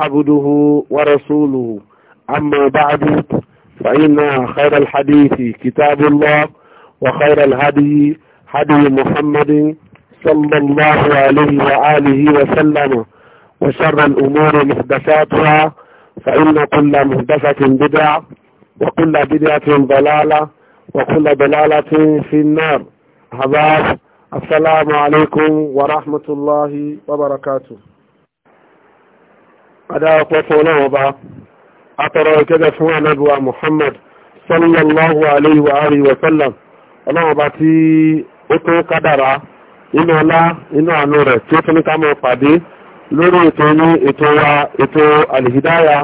عبده ورسوله أما بعد فإن خير الحديث كتاب الله وخير الهدي هدي محمد صلى الله عليه وآله وسلم وشر الأمور محدثاتها فإن كل محدثة بدعة وكل بدعة ضلالة وكل ضلالة في النار هذا السلام عليكم ورحمة الله وبركاته adáwọ̀pọ̀ fún ọlọ́wọ́ bá atọ̀rọ̀ ìkẹ́gẹ́ fún anábíwá Muhammad sallallahu alayhi wa alihi wa sallam ọlọ́wọ́ bá tí ó tó kádàrá inú ọlá inú àánú rẹ̀ tí ó tún ní ká mọ́ pàdé lórí ètò ní ètò wa ètò alìhídáyà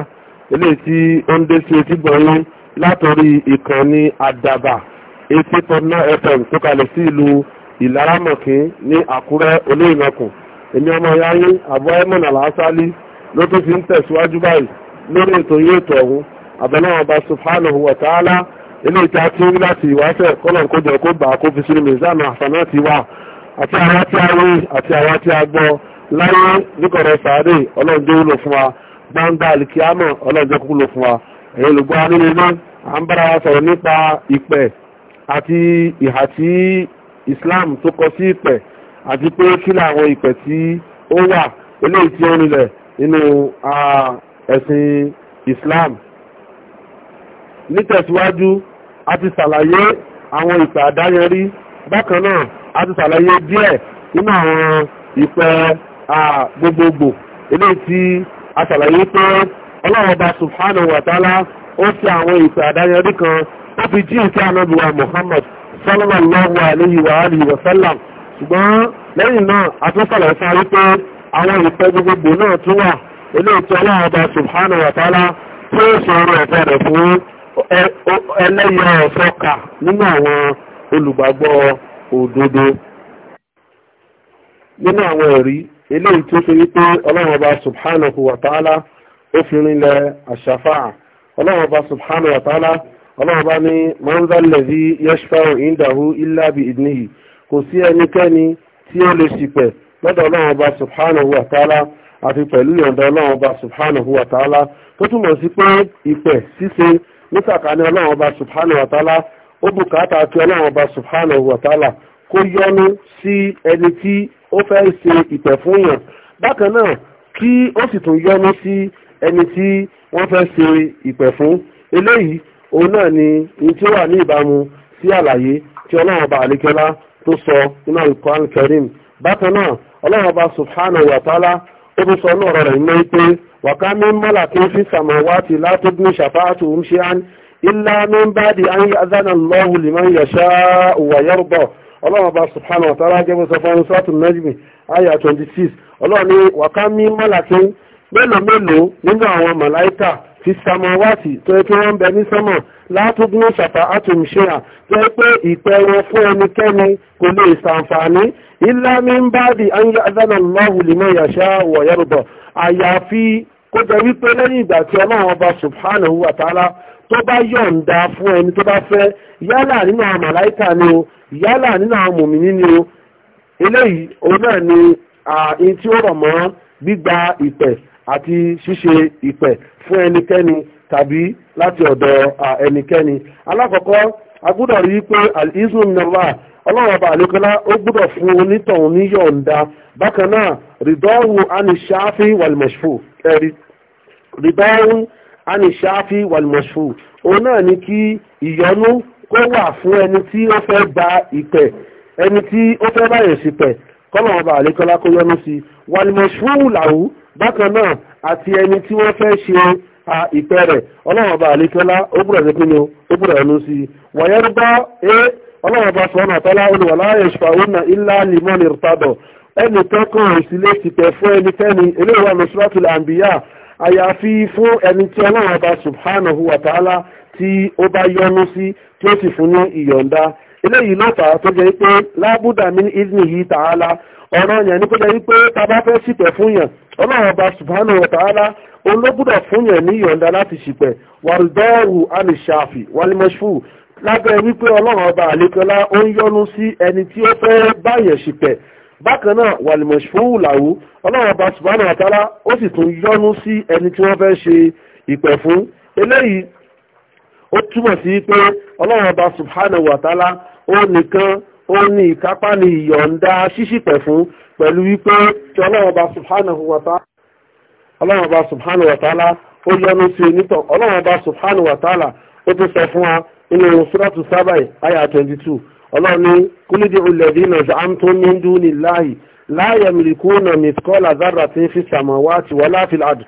ilé tí ó ń dé sí etí gbọ̀nyí látòrí ìkànnì àdàbà 80.9 FM tó kalẹ̀ sí ìlú ìlaramọ̀kín ní Àkúrẹ́ olóyìnbọ̀kùn èmi ọmọ yáyín àbúrẹ́mọ̀nà làásálí ló tó fi ń tẹ̀síwájú báyìí lórí ètò yìí ètò ọ̀hún àbẹ̀lẹ́wọ̀n ọba subhanahu wa ta'ala ilé ìta tí ń láti ìwáṣẹ̀ kọ́lọ̀n kójọ kó bà kó fi sínú mizan àfàná ti wà àti àwa tí a rí àti àwa tí a gbọ́ láyé níkọ̀rọ̀ sàárè ọlọ́njẹ́ wúlò fún wa gbangba alikiyama ọlọ́njẹ́ kúkú lò fún wa èyí olùgbọ́ nínú iná à ń bára wa sọ̀rọ̀ nípa ìpẹ̀ àti ìhà tí Islam tó kọ sí ìpẹ̀ àti pé kí làwọn ìpẹ̀ tí ó wà eléyìí tí ó rinlẹ̀ inú ẹ̀sìn Islam nítẹ̀síwájú a ti ṣàlàyé àwọn ìpè àdáyẹrí bákan náà a ti ṣàlàyé díẹ̀ nínú àwọn ìpè gbogbogbò eléyìí tí a ṣàlàyé pé Ọlọ́run subhanahu wa ta'ala ó fi àwọn ìpè àdáyẹrí kan ó fi jíìn sí anábìwá Muhammad sallallahu alayhi wa alihi wa sallam ṣùgbọ́n lẹ́yìn náà a tún ṣàlàyé fún wa wípé àwọn ìpẹ́jú gbogbo náà tún wà eléyìí tí ọlọ́ọ̀bá subhanahu wa ta'ala tí ó sọ ọ̀rọ̀ ẹ̀fẹ́ rẹ̀ fún ẹlẹ́yọ ọ̀fọ́kà nínú àwọn olùgbàgbọ́ òdodo nínú àwọn ẹ̀rí eléyìí tó ṣe wípé ọlọ́ọ̀bá subhanahu wa ta'ala ó fi rinlẹ̀ àṣàfáà ọlọ́ọ̀bá subhanahu wa ta'ala ní mọ́ńdálẹ́bí yashfa'u indahu illa bi kò sí ẹnikẹ́ni tí ó lè ṣìpẹ̀ lọ́dọ̀ ọlọ́run ọba subhanahu wa ta'ala àti pẹ̀lú ìyọ̀ǹda ọlọ́run ọba subhanahu wa ta'ala tó túmọ̀ sí pé ìpẹ̀ ṣíṣe ní sàkání ọlọ́run ọba subhanahu wa ta'ala ó bùkátà kí ọlọ́run ọba subhanahu wa ta'ala kó yọ́nú sí ẹni tí ó fẹ́ ṣe ìpẹ̀ fún yàn bákan náà kí ó sì tún yọ́nú sí ẹni tí wọ́n fẹ́ ṣe ìpẹ̀ fún eléyìí òun náà ni ní tí ó wà ní ìbámu sí àlàyé tí ọlọ́run ọba àlékẹ́lá tó sọ nínú Al-Qur'an bákan náà ọlọ́run ọba subhanahu wa ta'ala ó tún sọ ní ọ̀rọ̀ rẹ̀ ní pé wàká mi ń mọ́là kí n fi samawati látọ́gbìn ṣàfáàtù ń ṣe án ilá mi ń bá di ayé azánà lọ́wù liman yasha wa yarda ọlọ́run ọba subhanahu wa ta'ala jẹ́ sọ fún sọ́ọ̀tù najmi aya twenty six ọlọ́run ni wàká mi ń mọ́là kí mélòó mélòó nínú àwọn màláìkà fi samawati tó yẹ kí wọ́n ń bẹ ní sánmọ̀ látúgbìn ṣàfà àtúnṣeà tó yẹ pé ìpẹ́ wọn fún ẹnikẹ́ni kò lè ṣàǹfààní ìlàmí ń bá di ayé yàṣá wọ̀ yẹ́rùbọ̀ àyàfi kó jẹ́ wípé lẹ́yìn ìgbà tí ọlọ́run ọba subhanahu wa ta'ala tó bá yọ̀ǹda fún ẹni tó bá fẹ́ yálà nínú àwọn màláìkà ni o yálà nínú àwọn mòmìnì ni o eléyìí òun náà ni ààyè tí ó rọ̀ mọ́ gbígba ìpẹ̀ àti ṣíṣe ìpẹ̀ fún ẹnikẹ́ni tàbí láti ọ̀dọ̀ ẹnikẹ́ni alákọ̀ọ́kọ́ a gbọ́dọ̀ rí pé al-izun nàlá ọlọ́run ọba àlékọ́lá ó gbọ́dọ̀ fún onítọ̀hún ní yọ̀ǹda bákan náà rìdọ́ọ̀hún anishafi walmashfu ẹ̀rí rìdọ́ọ̀hún anishafi walmashfu òun náà ni kí ìyọnú kó wà fún ẹni tí ó fẹ́ gba ìpẹ̀ ẹni tí ó fẹ́ báyẹ̀ sípẹ̀ kọ́lọ́run ọba àlékọ́lá kó yọnú sí walmashfu làwù bákan náà àti ẹni tí wọ́n fẹ́ ṣe ìfẹ́ rẹ̀ ọlọ́run ọba àlékọ́lá ó gbúdọ̀ ṣe pinnu ó gbúdọ̀ ẹnu sí i wọ̀nyẹ́rú bá ẹ ọlọ́run ọba sọ̀rọ̀ àtọ́lá olùwàlá ẹ̀ṣùpá ọ̀nà ilá limọ́nì rìtàdọ̀ ẹnì kankan ìsílẹ̀ ti pẹ̀ fún ẹnikẹ́ni eléwà nusratul anbiya àyàfi fún ẹni tí ọlọ́run ọba subhanahu wa ta'ala tí ó bá yọ́nú sí tí ó sì fún ní ìyọ̀ǹda eléyìí ló fà á tó jẹ́ pé lábúdà min iznihi ta'ala ọ̀rọ̀ yẹn ni kó jẹ́ pé tá a bá fẹ́ ṣìpẹ̀ fún yàn ọlọ́run ọba subhanahu wa ta'ala olóbùdọ̀ fún yàn ní yọ̀ǹda láti ṣìpẹ̀ wàlúdọ́ọ̀rù alìṣàfì wàlímọ́ṣù lábẹ́ wípé ọlọ́run ọba àlékọ́lá ó ń yọ́nú sí ẹni tí ó fẹ́ báyàn ṣìpẹ̀ bákan náà wàlímọ̀ṣù làwù ọlọ́run ọba subhanahu wa ó sì tún ó nìkan ó ní ìkápá ní ìyọ̀ǹda ṣíṣìpẹ̀ fún pẹ̀lú wípé kí ọlọ́run ọba subhanahu wa ta'ala ọlọ́run ọba subhanahu wa ta'ala ó yọ́nú sí onítọ̀ ọlọ́run ọba subhanahu wa ta'ala ó tún sọ fún wa nínú suratu sábà àyà twenty two ọlọ́run ní kúlídìí alladhina za'amtum min dunillahi la yamlikuna mithqala dharratin fi samawati wala fil ard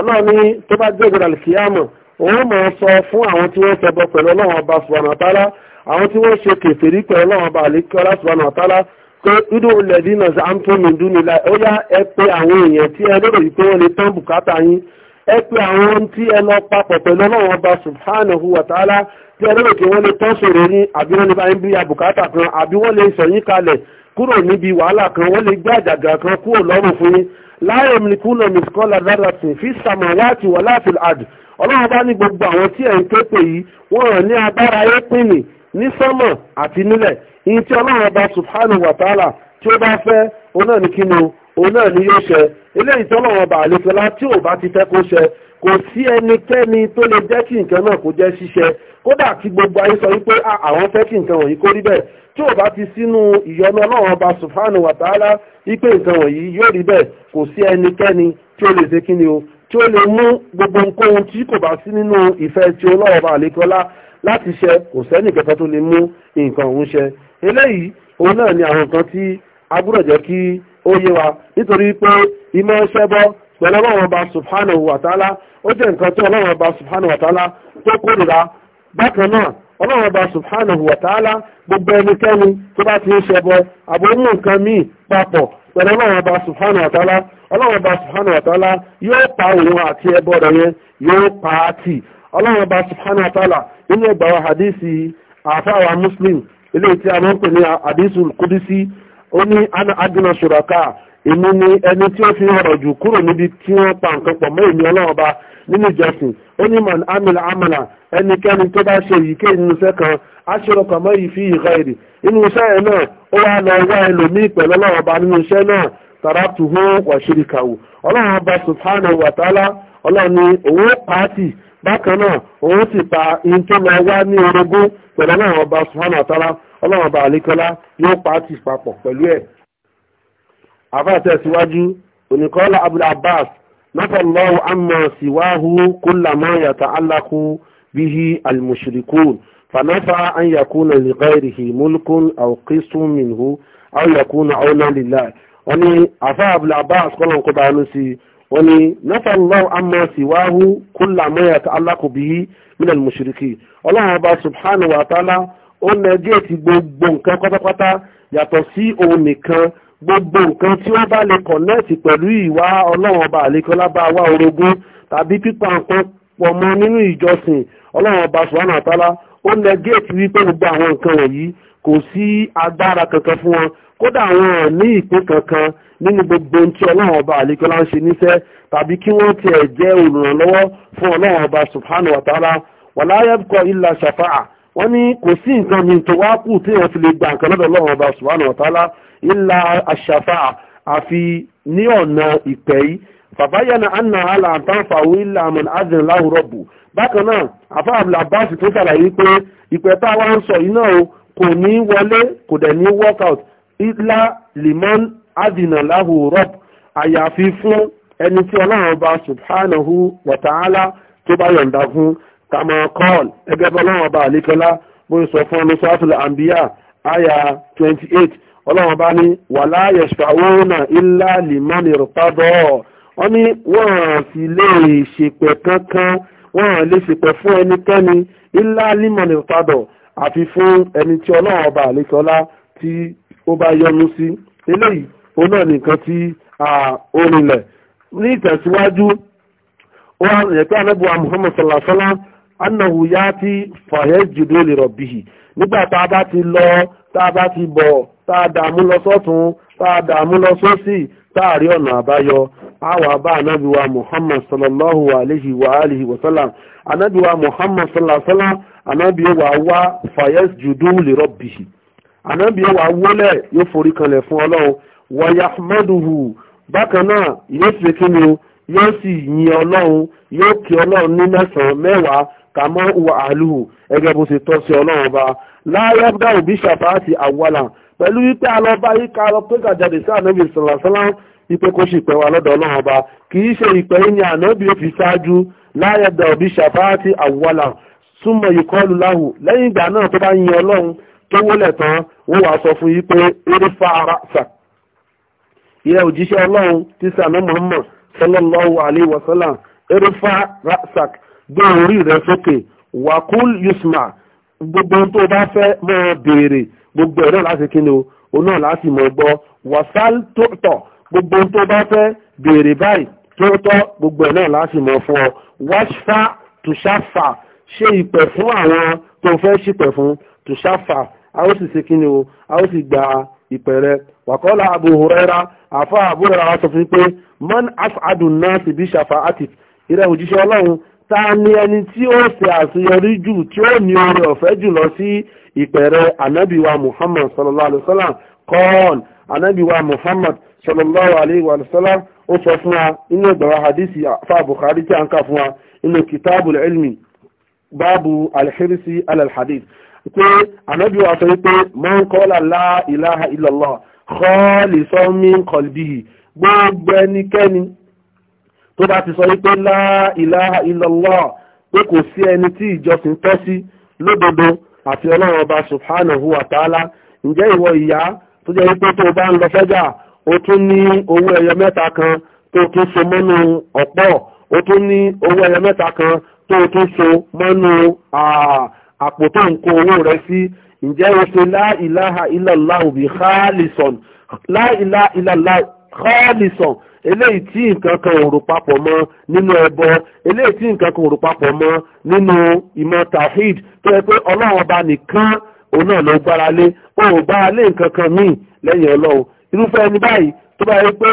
ọlọ́run ní tó bá gbẹ̀gbẹ̀rẹ̀ àlùkìyàmọ̀ òun máa sọ fún àwọn tí wọ́n ṣẹbọ pẹ̀lú ọlọ́run ọba subhanahu wa ta'ala àwọn tí wọ́n ṣe kèfèrí pẹ̀lú ọlọ́run ọba àlékọ́lá subhanahu wa ta'ala pé irú olèdí náà zamtum min dunillah ó yá ẹ pé àwọn èèyàn tí ẹ lérò wípé wọ́n lè tán bùkátà yín ẹ pé àwọn tí ẹ lọ papọ̀ pẹ̀lú ọlọ́run ọba subhanahu wa ta'ala tí ẹ lérò pé wọ́n lè tán sòrò yín àbí wọ́n lè bá yín bí abùkátà kan àbí wọ́n lè sọ yín kalẹ̀ kúrò níbi wàhálà kan wọ́n lè gbé àjàgà kan kúrò lọ́rùn fún yín láyé mi kúnlẹ̀ mi kọ́lá dára sí fi samawati wala fil ard ọlọ́run bá ní gbogbo àwọn tí ẹ̀ ń képe yìí wọ́n hàn ní agbára ayé pìnì ní sánmọ̀ àti nílẹ̀ ìyí tí ọlọ́run bá subhanahu wa ta'ala tí ó bá fẹ́ òun náà ní kíni òun náà ní yóò ṣe eléyìí tí ọlọ́run bá àlefẹ́lá tí ò bá ti fẹ́ kó ṣe kò sí ẹnikẹ́ni tó lè jẹ́ kí nǹkan náà kó jẹ́ ṣíṣe kódà kí gbogbo ayé sọ wípé ah, àwọn fẹ́ kí nǹkan wọ̀nyí kó rí bẹ́ẹ̀ tí ò bá ti sínú ìyọnu ọlọ́run ọba subhanahu wa wípé nǹkan wọ̀nyí yóò rí bẹ́ẹ̀ kò sí ẹnikẹ́ni tí ó lè ṣe kí ni o tí ó lè mú gbogbo nǹkan tí kò bá sí nínú ìfẹ́ tí ọlọ́ọ̀bà àlékọ́lá láti ṣe kò sẹ́nì tó lè mú nǹkan òun ṣe eléyìí òun náà ni àwọn nǹkan tí a gbọ́dọ̀ jẹ́ kí ó yé wa nítorí pé ìmọ̀ ṣẹbọ pẹ̀lú ọlọ́run ọba subhanahu wa ta'ala ó jẹ́ nǹkan tí ọlọ́run ọba subhanahu wa ta'ala tó kórìíra bákan náà ọlọ́run ọba subhanahu wa ta'ala gbogbo ẹnikẹ́ni tó bá ti ń ọlọ́run ọba subhanahu wa ta'ala yóò pa òun àti ẹbọ rẹ̀ yẹn yóò pa á tì ọlọ́run ọba subhanahu wa ta'ala nínú ẹgbà wa hadisi àfáwà muslim eléyìí tí a máa ń pè ní hadisul qudsi ó ní ana adina shuraka èmi ni ẹni tí ó fi ọ̀rọ̀ jù kúrò níbi tí wọ́n pa nǹkan pọ̀ mọ́ èmi ọlọ́run ọba nínú ìjọsìn ó ní amala ẹnikẹ́ni tó bá ṣe èyíkéyìí nínú iṣẹ́ kan aṣọ́rọ̀kọ̀ mọ́ yìí fi èrè iṣẹ́ yẹn náà ó wá lọ wá ẹlòmíì pẹ̀lú ọlọ́run ọba nínú iṣẹ́ náà tàràtùhó wà ṣíríkàwò ọlọ́run ọba subhanahu wa ta'ala ọlọ́run ni òun pàátì bákan náà òun ti pa in tó lọ wá ní orogún pẹ̀lú ọlọ́run ọba subhanahu wa ta'ala ọlọ́run ọba àlékọ́lá yóò pàátì papọ̀ pẹ̀lú ẹ̀. àfàtẹ̀síwájú oníkọ́lá abul abbas nafallahu amma siwahu kullama yata'allaqu bihi almushrikun fanafa an yakuna li ghayrihi mulkun aw minhu aw yakuna awlan lillahi wọ́n ní àfa abúlé abbas kọ́lọ̀ kó bá wọn sí wọ́n ní nasallahu amma siwahu kulla ma yata'allaqu bihi minal mushrikin ọlọ́run ọba subhanahu wa ta'ala ó nà díẹ̀ ti gbogbo nǹkan pátápátá yàtọ̀ sí òun nìkan gbogbo nǹkan tí wọ́n bá lè kọ̀nẹ́ẹ̀tì pẹ̀lú ìwà ọlọ́run ọba àlékọ́lá bá wá orogún tàbí pípa nǹkan pọ̀ mọ́ nínú ìjọsìn ọlọ́run ọba subhanahu wa ta'ala ó nà díẹ̀ ti wípé gbogbo àwọn nǹkan wọ̀nyí kò sí agbára kankan fún wọn kódà àwọn ò ní ìpín kankan nínú gbogbo ohun tí ọlọ́run ọba àlekọ́lá ń ṣe níṣẹ́ tàbí kí wọ́n tiẹ̀ jẹ́ olùrànlọ́wọ́ fún ọlọ́run ọba subhanahu wa ta'ala wàláyàbùkọ ilà ṣàfáà wọ́n ní kò sí nǹkan mi tó wá kù tí wọ́n fi lè gba nǹkan lọ́dọ̀ ọlọ́run ọba subhanahu wa ta'ala ilà ṣàfáà àfi ní ọ̀nà ìpẹ́ yìí fàbáyánà anna ala àtàǹfààwò ilà àmàn adìn láhùrọ̀bù bákan náà àfa abdulabasi tó ṣàlàyé pé ìpẹ́ tá a wá ń sọ yìí náà kò ní wọlé kò dẹ̀ ní workout ilá limon adinalahu rob àyàfi fún ẹni tí ọlọ́run ọba subhanahu wa ta'ala tó bá yọ̀ǹda fún kama kọ́ọ̀l ẹgbẹ́ bá ọlọ́run ọba àlékọ́lá bó sọ fún ọlọ́ sọ́tún àyà 28 ọlọ́run ọba ní wàlá yashfa'una ilá limon irtada wọ́n ní wọ́n sì lè ṣèpẹ̀ kankan wọ́n lè ṣèpẹ̀ fún ẹnikẹ́ni ilá limon irtada àfi fún ẹni tí ọlọ́run ọba àlékọ́lá tí ó bá yọnu sí eléyìí òun náà nìkan tí ní ìtẹ̀síwájú ó anábùwà salasala anahu ya ti fàyẹ́ jùdó lè rọ̀ bìhì nígbà tá a bá ti lọ tá a ti bọ̀ tá a lọ sọ́tún tá a lọ sósì tá a rí ọ̀nà àbáyọ alayhi wa alihi wa sallam anábìwá salasala wa fàyẹ́ jùdó lè rọ̀ ànábì wà wọlé yóò forí kanlẹ̀ fún ọlọ́run wa yahmaduhu bákan náà yóò ṣe kí ni o yóò sì yin ọlọ́run yóò kí ọlọ́run ní mẹ́sàn-án mẹ́wàá kàmọ́ ìwà àlùhù ẹgẹ́ bó ṣe tọ́ sí ọlọ́run ọba láyé bá òbí ṣàfáàtì àwọlà pẹ̀lú wípé alọ́ba yìí ká lọ pé gàjáde sí ànábì sàlàsálà wípé kó ṣe ìpẹ́ wa lọ́dọ̀ ọlọ́run ọba kì í ṣe ìpẹ́ yìí ni ànábì ó ṣáájú láyé bá òbí ṣàfáàtì àwọlà súnmọ́ ìkọlù láhù lẹ́yìn ìgbà náà tó bá yin ọlọ́run tó wólẹ̀ tán wọ́n wàá sọ fún yí pé irúfà ara sà ìyá òjíṣẹ́ ọlọ́run tí sàmì mọ̀ọ́mọ̀ sallallahu alayhi wa sallam irúfà rasak gbé orí rẹ sókè wakul yusma gbogbo tó bá fẹ́ mọ́ béèrè gbogbo ẹ̀rọ láti kí ni o òun náà láti mọ̀ gbọ́ wasal tó tọ̀ gbogbo tó bá fẹ́ béèrè báyìí tó gbogbo ẹ̀ náà láti mọ̀ fún ọ wáṣfà tùṣàfà ṣe ìpẹ̀ fún àwọn tó fẹ́ ṣìpẹ̀ fún tùṣàfà a ó sì ṣe kí ni o a ó sì gba ìpẹ̀rẹ̀ wàkọ́lá Abu Huraira àfa Abu Huraira wa sọ fún pé man as'adun nasi bi shafa'atik ìrẹ́ òjíṣẹ́ ọlọ́run ta ni ẹni tí ó ṣe àṣeyọrí jù tí ó ní oore ọ̀fẹ́ jù lọ sí ìpẹ̀rẹ̀ anábìwa Muhammad sallallahu alayhi wa sallam kọ́ọ̀n anábìwa Muhammad sallallahu alayhi wa sallam ó sọ fún wa inú ìgbàwà hadisi fa Bukhari tí a ń kà fún wa inú kitabu ilmi babu alhirisi alalhadith pé ànábì wa sọ wípé man qala la ilaha illallah khalisan min qalbihi gbogbo ẹnikẹ́ni tó bá ti sọ wípé la ilaha illallah pé kò sí ẹni tí ìjọsìn tọ́ sí lódodo àti ọlọ́run ọba subhanahu wa ta'ala ǹjẹ́ ìwọ ìyá tó jẹ́ wípé tó bá ń lọ sọ́jà ó tún ní owó ẹyọ mẹ́ta kan tó tún so mọ́nú ọ̀pọ̀ ó tún ní owó ẹyọ mẹ́ta kan tó tún so mọ́nú àpò tó ń kó owó rẹ sí ǹjẹ́ o ṣe láìláha ìlàláhù bí khálison láìláha ìlàláhù khálison eléyìí tí nǹkan kan ò rò papọ̀ mọ́ nínú ẹbọ eléyìí tí nǹkan kan ò rò papọ̀ mọ́ nínú ìmọ̀ tawhid tó yẹ pé ọlọ́run ọba nìkan òun náà ló gbára lé òun ò gbára lé nǹkan kan míì lẹ́yìn ọlọ́run irúfẹ́ ẹni báyìí tó bá yẹ pé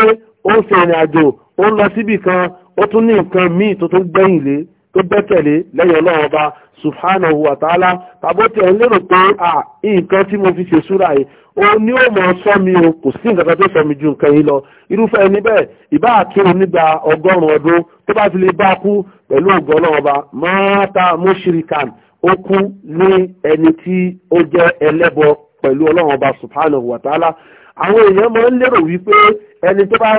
ó ń ṣe àjò ó ń lọ síbì kan ó tún ní nǹkan míì tó tún gbẹ̀yìn lé tó gbẹ́kẹ̀lé lẹ́yìn ọlọ́run ọba subhanahu wa ta'ala tàbó tiẹ̀ ń lérò pé nǹkan tí mo fi ṣe súra yìí ó ní ó mọ sọ mi o kò sí nǹkan kan tó sọ mi ju nǹkan yìí lọ irúfẹ́ ẹni bẹ́ẹ̀ ìbá àkírun nígbà ọgọ́rùn-ún ọdún tó bá fi lè bá kú pẹ̀lú ògbọ́n náà ọba mushrikan ó kú ní ẹni tí ó jẹ́ ẹlẹ́bọ pẹ̀lú ọlọ́run subhanahu wa ta'ala àwọn èèyàn máa ń lérò wípé ẹni tó bá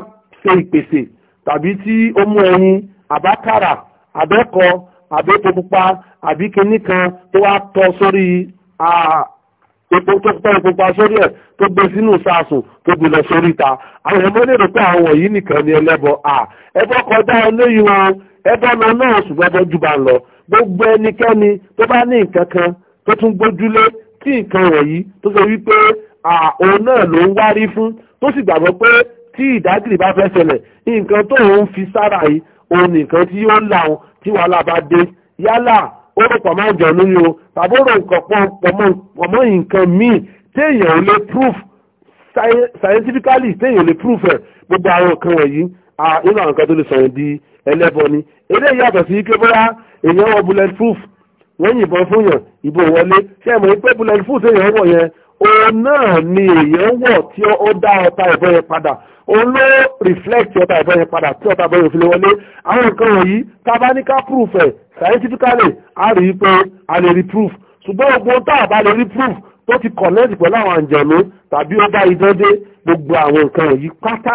ṣe ìpèsè tàbí tí ó mú ẹyin àbákàrà àbẹ́kọ̀ọ́ àbí epo pupa àbí kinní kan tó wá tọ́ sórí epo tó tọ́ epo pupa sórí ẹ̀ tó gbé sínú sàásùn tó gbé lọ sórí ta àwọn ọmọ lè rò pé àwọn wọ̀nyí nìkan ni ẹlẹ́bọ à ẹbọ kọjá eléyìí wọn ẹbọ náà náà ṣùgbọ́n ẹbọ jù bá ń lọ gbogbo ẹnikẹ́ni tó bá ní nǹkan kan tó tún gbójúlé tí nǹkan wọ̀nyí tó sọ wípé òun náà ló ń wárí fún tó sì gbàgbọ́ pé tí ìdágìrì bá fẹ́ ṣẹlẹ̀ nǹkan tó ń fi sára yìí òun nìkan tí yóò là wọn tí wàhálà bá dé yálà ó rò pọ̀ máa jọ nínú o tàbí ó rò nǹkan pọ̀ mọ́ nǹkan míì téèyàn ò lè proof scientifically téèyàn ò lè proof ẹ̀ gbogbo àwọn nǹkan wọ̀nyí nínú àwọn nǹkan tó lè sọ̀rọ̀ di ẹlẹ́bọ ni eléyìí yàtọ̀ sí ike bóyá èèyàn wọ bullet proof wọ́n yìnbọn fún yàn ìbò wọlé ṣé ẹ mọ̀ pé bullet proof èèyàn wọ̀ yẹn òun náà ni èèyàn wọ̀ tí ó dá ọta ẹ̀bọ yẹn padà òun ló reflect ọta ẹ̀bọ yẹn padà tí ọta ẹ̀bọ yẹn fi lè wọlé àwọn nǹkan wọ̀nyí tabanika proof ẹ̀ scientifically a rí i pé a lè rí proof ṣùgbọ́n ogun tá a bá lè rí proof tó ti connect pẹ̀lú àwọn àǹjẹ̀mú tàbí ó bá idán dé gbogbo àwọn nǹkan wọ̀nyí pátá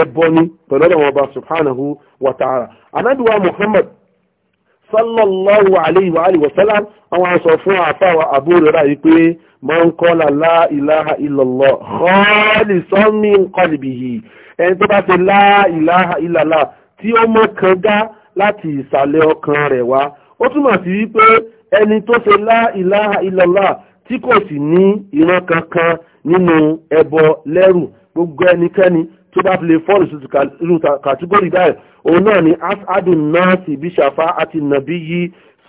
ẹ̀bọ ni pẹ̀lú ọ̀dọ̀ wọn ọba subhanahu wa ta'ala anabiwa muhammad sallallahu alayhi wa alihi wa sallam àwọn sọ fún àfàwà Abu Hurairah yìí pé man qala la ilaha illallah khalisan min qalbihi ẹni tó bá ti la ilaha illallah tí ó mọ́ kanga láti ìsàlẹ̀ ọkàn rẹ̀ wá ó túmọ̀ sí wípé ẹni tó ṣe la ilaha illallah tí kò sì ní ìran kankan nínú ẹbọ lẹ́rù gbogbo ẹnikẹ́ni tó bá fi lè fọ́ọ̀lù sí irú kàtígórì báyìí òun náà ni adùn náà sì bí ṣàfá àti nàbí yí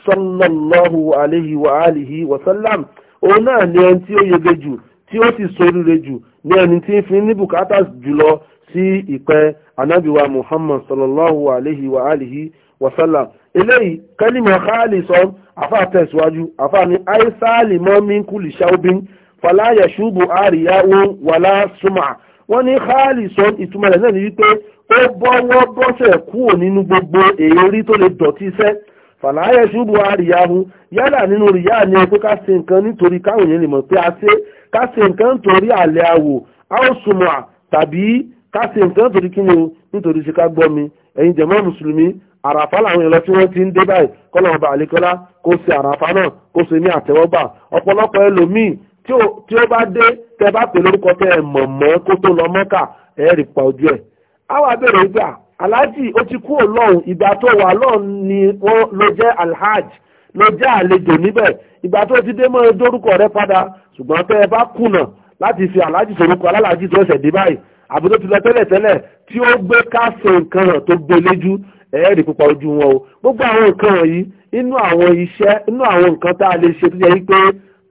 sallallahu alayhi wa alihi wa sallam òun náà ni ẹni tí ó yege jù tí ó sì soríire jù ní ẹni tí ń fi ní bùkátà jùlọ sí ìpẹ́ anábìwa muhammad sallallahu alayhi wa alihi wa sallam eléyìí kẹ́límọ̀ káàlì sọ àfa tẹ̀síwájú àfa ni aisaali mọ́ mínkù lìṣàubin fàlàyé ṣubú àríyáwó wàlá súnmọ́ wọ́n ní káàlì sọ ìtumọ̀ rẹ̀ náà ni wípé ó bọ́wọ́ bọ́sẹ̀ kúrò nínú gbogbo èérí tó lè dọ̀tí iṣẹ́ fàlàyé ṣubú àríyáhu yálà nínú ríyá ni pé ká ṣe nǹkan nítorí káwọn èèyàn lè mọ̀ pé a ṣe ká ṣe nǹkan nítorí àlẹ́ àwò áòsùnmọ̀ tàbí ká ṣe nǹkan nítorí kí ni o nítorí ṣe ká gbọ́ mi ẹ̀yin jẹ̀mọ́ mùsùlùmí àràfà làwọn èèyàn lọ tí wọ́n ti ń dé báyìí kọ́lọ̀ ọba àlékọ́lá kó ṣe àràfà náà kó ṣe ní àtẹ́wọ́gbà ọ̀pọ̀lọpọ̀ ẹlòmíì tí ó bá dé tẹ́ bá pè lórúkọ tẹ́ ẹ mọ̀ mọ́ kó tó lọ mọ́kà ẹ rí pa ojú ẹ̀ á bẹ̀rẹ̀ gbà aláàjì ó ti kú ọlọ́run ìgbà tó wà lọ́run ni wọ́n lọ jẹ́ alhaj lọ jẹ́ àlejò níbẹ̀ ìgbà tó ti dé mọ́ dórúkọ rẹ padà ṣùgbọ́n tẹ́ bá kùnà láti fi aláàjì sorúkọ alálàájì tó ṣẹ̀ dé báyìí àbúrò ti lọ tẹ́lẹ̀tẹ́lẹ̀ tí ó gbé káṣẹ nǹkan hàn tó gbé léjú ẹ̀ẹ́dì pupa ojú wọn o gbogbo àwọn nǹkan wọ̀nyí inú àwọn iṣẹ́ inú àwọn nǹkan tá a lè ṣe tó yẹ wípé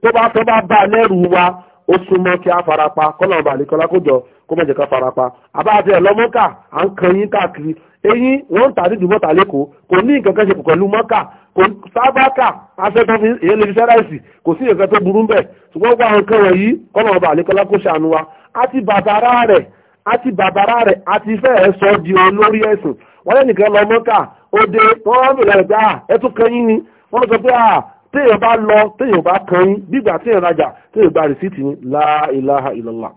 tó bá tó bá bá lẹ́rù wa ó súnmọ́ kí a farapa kọ́nà ọba àlekọ́lá kó jọ kó mọ̀jẹ̀ ká farapa àbáàtì ẹ̀lọ́mọ́kà à ń kan yín káàkiri eyín wọ́n ń tà ní ìdìbò tàlékòó kò ní nǹkan kan ṣe pọ̀ pẹ̀lú mọ́kà kò sábàkà afẹ́tọ́ fi èyí lè fi sẹ́ráìsì kò sí nǹkan tó burú bẹ̀ ṣùgbọ́n gba àwọn nǹkan wọ̀nyí kọ́nà ọba àlekọ́lá kó ṣàánú wa àti bàbára rẹ̀ àti bàbára rẹ̀ àti fẹ́ẹ̀ sọ di olórí ẹ̀sìn wọ́n lẹ́nìkan lọ mọ́kà ó dé wọ́n wá ń pé ẹ tún kan yín ni wọ́n sọ pé téèyàn bá lọ téèyàn bá kan yín gbígbà téèyàn rajà téèyàn gba rìsíìtì yín la ilaha illallah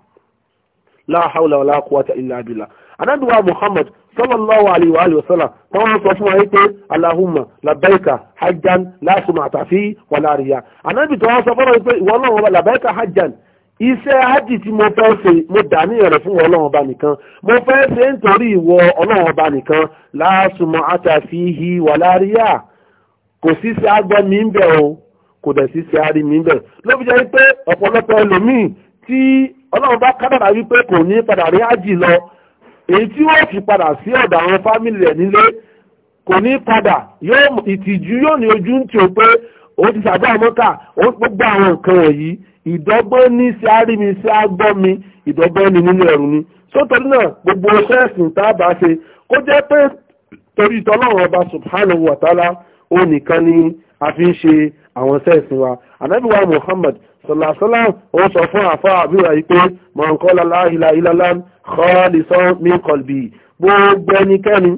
la hawla wala quwwata illa billah anábìwá muhammad sallallahu alayhi wa alihi wa sallam táwọn sọ fún wa yìí pé alahumma labaika hajjan láṣùmọ̀ àtàfi wàlá rìyà anábì tó wọ́n sọ fọ́nà yìí pé ìwọ náà wọ́n labaika hajjan iṣẹ́ hajj tí mo fẹ́ ṣe mo dà ní ẹ̀rẹ̀ fún ọlọ́run ọba nìkan mo fẹ́ ṣe nítorí ìwọ ọlọ́run ọba nìkan láṣùmọ̀ àtàfi wàlá rìyà kò sí sí agbọ́ mi ń bẹ̀ o kò dẹ̀ sí sí arí mi ń bẹ̀ ló fi jẹ́ wípé ọ̀pọ̀lọpọ̀ ẹlòmíì tí ọlọ́run bá kádàrà wípé kò ní padà rí ájì lọ èyí tí ó fi padà sí ọ̀dọ̀ àwọn fámìlì rẹ̀ nílé kò ní padà yóò ìtìjú yóò ní ojú tí o pé o ti sàbá àmọ́kà o gbogbo àwọn nǹkan wọ̀nyí ìdọ́gbọ́n ní sí arí mi sí agbọ́ mi ìdọ́gbọ́n ní nínú ẹ̀rù ni sótọ́rí náà gbogbo ṣẹ́ẹ̀sì tá a bá ṣe kó jẹ́ pé torí ìtọ́lọ́run ọba subhanahu wa ta'ala ó nìkan ni a fi ń ṣe àwọn sẹ́ẹ̀sìn wa ànábì Muhammad sọ̀làsọ́lá ó sọ fún àfa àbúrò yìí pé mọ̀nkọ́lá láìla ìlàlá khalisan min qalbi gbogbo ẹnikẹ́ni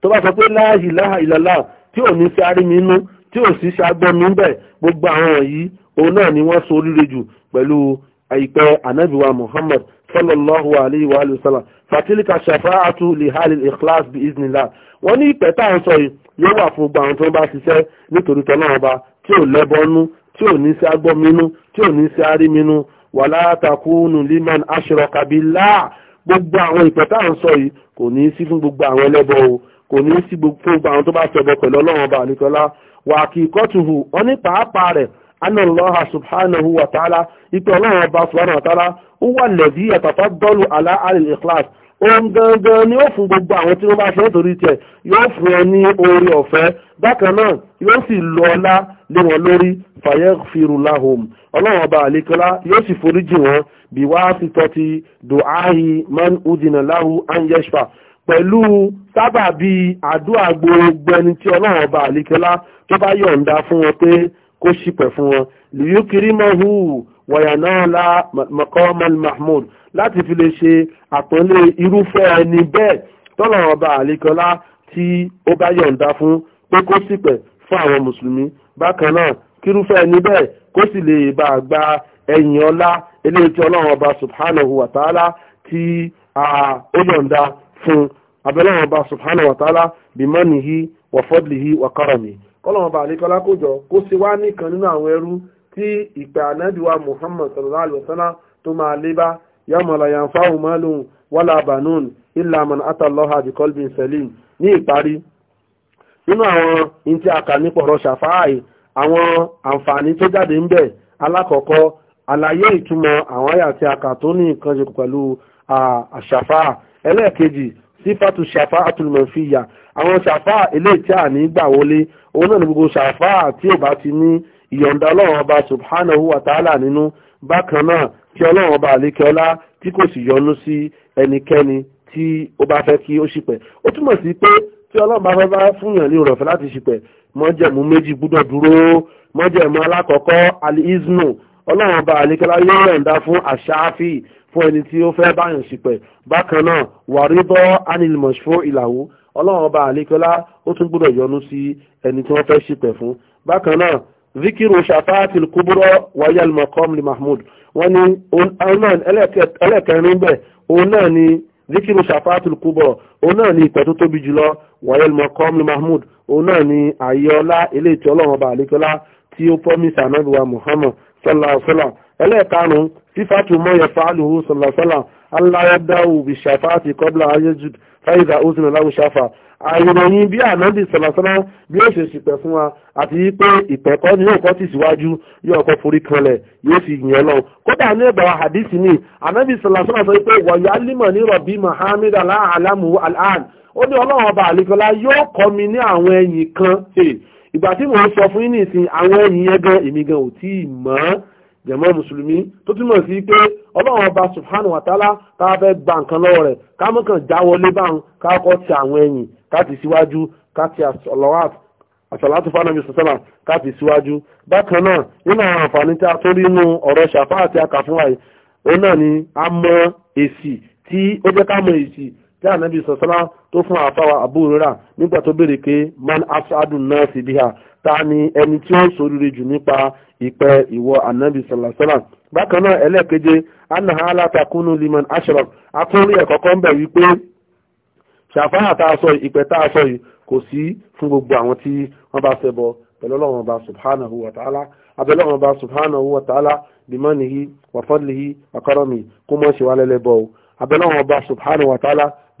tó bá sọ pé láìla ìlàlá tí ò ní sí arími inú tí ò sí ṣe agbọ́nú ń bẹ̀ gbogbo àwọn yìí òun náà ni wọ́n so oríire jù pẹ̀lú àìpẹ́ ànábì Muhammad sallallahu alayhi wa sallam fatilika shafa'atu li halil ikhlas bi iznillah wọ́n ní ìpẹ́ tá à ń sọ yìí yóò wà fún gbàrún tó bá ṣiṣẹ́ nítorí tọ́lọ́run ọba tí ò lẹ́bọnú tí ò ní sí agbọ́mínú tí ò ní sí arímínú wala takunu liman ashraka billah gbogbo àwọn ìpẹ́ tá à ń sọ yìí kò gbogbo àwọn ẹlẹ́bọ o kò ní sí gbogbo àwọn tó bá ṣẹbọ pẹ̀lú ọlọ́run ọba àlekọ́lá wà kí kọ́tùhù ọ ní pàápàá anàlọ́ha subhanahu wa ta'ala ipò ọlọ́run ọba subhanahu wa ta'ala ó wà lẹ́bí àtàtà dọ́lù alá al-ikhlas ohun gangan ni ó fún gbogbo àwọn tí wọ́n bá ṣe nítorí tiẹ̀ yóò fún ẹ ní orí ọ̀fẹ́ bákan náà yóò sì lọ ọlá lé wọn lórí fayaghfiru lahum ọlọ́run ọba àlékọ́lá yóò sì foríjì wọn bí wàá fi tọ́tí du'ahi man udina lahu an pẹ̀lú sábàbí àdúrà gbogbo ẹni tí ọlọ́run ọba àlékọ́lá tó bá yọ̀ǹda fún wọn pé kó ṣìpẹ̀ fún wọn liyukrimahu wa yanala maqamal mahmud láti fi lè ṣe àpọ́nlé irúfẹ́ ẹni bẹ́ẹ̀ tọ́lọ̀ ọba àlekọ́lá tí ó bá yọ̀ǹda fún pé kó ṣìpẹ̀ fún àwọn mùsùlùmí bákan náà kírúfẹ́ ẹni bẹ́ẹ̀ kó sì lè bá a gba ẹ̀yìn ọlá eléyìí ọlọ́run ọba subhanahu wa ta'ala tí ó yọ̀ǹda fún abẹ́lẹ́run ọba subhanahu wa ta'ala bimanihi wa fadlihi kọ́lọ́mọba àlékọ́lá kó jọ kó ṣe wá nìkan nínú àwọn ẹrú tí ìpè ànábìwá Muhammad sallallahu alayhi wa sallam tó máa lé bá yàmọ̀lá yànfà òmàlùn wàlà banun ìlàmàn àtàlọ́hà bìkọ́lbìn sẹ́lìm ní ìparí nínú àwọn ìntí àkà nípa ọ̀rọ̀ ṣàfáàì àwọn àǹfààní tó jáde ń bẹ̀ alákọ̀ọ́kọ́ àlàyé ìtumọ̀ àwọn àyà tí àkà tó ní nǹkan ṣe pẹ̀lú àṣàfáà ẹlẹ́ẹ̀kejì sífàtù ṣàfáà àtùlùmọ̀fìyà àwọn ṣàfà ilé tí a ní gbà wọlé òun náà ní gbogbo ṣàfà tí ò bá ti ní ìyọ̀ǹda ọlọ́run ọba subhanahu wa ta'ala nínú bákan náà tí ọlọ́run ọba àlékẹ́ọ́lá tí kò sì yọnu sí ẹnikẹ́ni tí ó bá fẹ́ kí ó ṣìpẹ̀ ó túmọ̀ sí pé tí ọlọ́run bá fẹ́ bá fúnyàn ní òrọ̀fẹ́ láti ṣìpẹ̀ mọ́jẹ̀mú méjì gbúdọ̀ dúró mọ́jẹ̀mú alákọ̀ọ́kọ́ al ọlọ́run ọba àlékẹ́lá yóò yọ̀ǹda fún àṣááfì fún ẹni tí ó fẹ́ báyàn ṣìpẹ̀ bákan náà wàrídọ́ anilmọ̀ṣfó ìlàwó ọlọ́run ọba àlékọ́lá ó tún gbọ́dọ̀ yọ́nú sí ẹni tí wọ́n fẹ́ ṣìpẹ̀ fún bákan náà zikiru shafaati kuburo wayal makom li mahmud wọ́n ní ẹlẹ́kẹrin bẹ̀ òun náà ni zikiru shafaati kuburo òun náà ni ìpẹ̀ tó tóbi jùlọ wayal makom li mahmud òun náà ni ààyè ọlá ilé ìtì ọlọ́run ọba àlékọ́lá tí ó pọ́mísà náà bí wa muhammad sallallahu alaihi sífàtúmọ̀ yẹ fàálùhù sallallahu alaihi wa sallam aláyọ̀dáwù bìṣàfáàtì kọ́bla fáyidà òsínà láwùsáfà àìròyìn bí ànábì sọ̀làsọ́lá bí ó ṣe ṣìpẹ̀ fún wa àti pé ìpẹ̀kọ́ ni yóò kọ́ tì síwájú yóò kọ́ forí kanlẹ̀ yóò sì yẹn lọ. kódà ní ẹ̀bà hadith ni ànábì sọ̀làsọ́lá sọ pé wọ̀nyí alímọ̀ ní rọ̀bì muhammed aláàlámù alhan ó ní ọlọ́run ọba àlekọ́lá yóò kọ́ mi ní àwọn ẹ̀yìn kan ìgbà tí mò sọ fún yín nìsín àwọn ẹ̀yìn yẹn gan èmi gan ò tíì mọ̀ jẹ̀mọ́ mùsùlùmí tó túmọ̀ sí pé ọlọ́run ọba subhanahu wa ta'ala tá a fẹ́ gba nǹkan lọ́wọ́ rẹ̀ ká mọ̀kàn já wọlé báwọn ká kọ́ ti àwọn ẹ̀yìn ká ti síwájú ká ti àṣọlọ́wàt àṣọlátù fanabi sọ̀tẹ́là ká ti síwájú bákan náà nínú àwọn àǹfààní tí a tún rí nínú ọ̀rọ̀ ṣàfà àti akàfún wa yìí ó náà ni a mọ èsì tí ó jẹ́ ká mọ èsì tí ànábì sọ̀tẹ́là tó fún àfáwà àbúrò nígbà tó béèrè pé man asadu náà sì bí ha ta ni ẹni tí ó ń soríire jù nípa ìpẹ́ ìwọ ànábì sàlàsàlà bákan náà ẹlẹ́ẹ̀keje anaha alátakúnú liman ashraf atúnrí ẹ̀kọ́kọ́ ń bẹ̀ wípé ṣàfáà tá a sọ yìí ìpẹ́ tá a sọ yìí kò sí fún gbogbo àwọn tí wọ́n bá ṣẹbọ pẹ̀lú ọlọ́run ọba subhanahu wa ta'ala abẹ́lẹ́ ọlọ́run ọba subhanahu wa ta'ala bimanihi wa fadlihi wa karami kó mọ̀ ṣe wá lẹ́lẹ́bọ̀ abẹ́lẹ́ ọlọ́run ọba subhanahu wa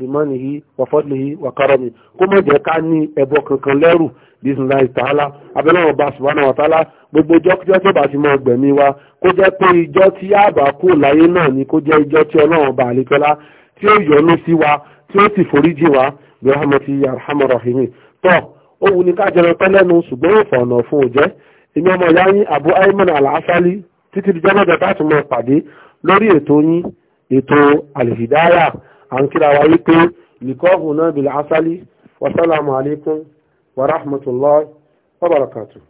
bimanihi wafọ́tìlìhi wakarami kó mọ̀ jẹ́ ká ní ẹbọ kankan lẹ́rù bisimilayi taala abẹ́lẹ́wọ̀n bá subahana wa taala gbogbo ìjọ́kíjọ́ tó bá ti mọ ọgbẹ̀mí wa kó jẹ́ pé ìjọ́ tí yáàbá kú láyé náà ni kó jẹ́ ìjọ́ tí ọlọ́run bá àlekọ́lá tí ó yọ́nú sí wa tí ó sì foríjì wa bíhámọ́tì arhamar rahimi tọ́ ó wù ní kájọrọ tẹ́lẹ́nu ṣùgbọ́n ìfọ̀nà fún òjẹ́ èmi ọmọ ìyá yín Abu Ayman al títí dijọ́ mẹ́jọ tá a tún mọ pàdé lórí ètò yín ètò al à ń kíra wa wípé nìkọ́hùn náà bìlà asálí wasalaamu alaykum wa rahmatullahi wa barakatuh.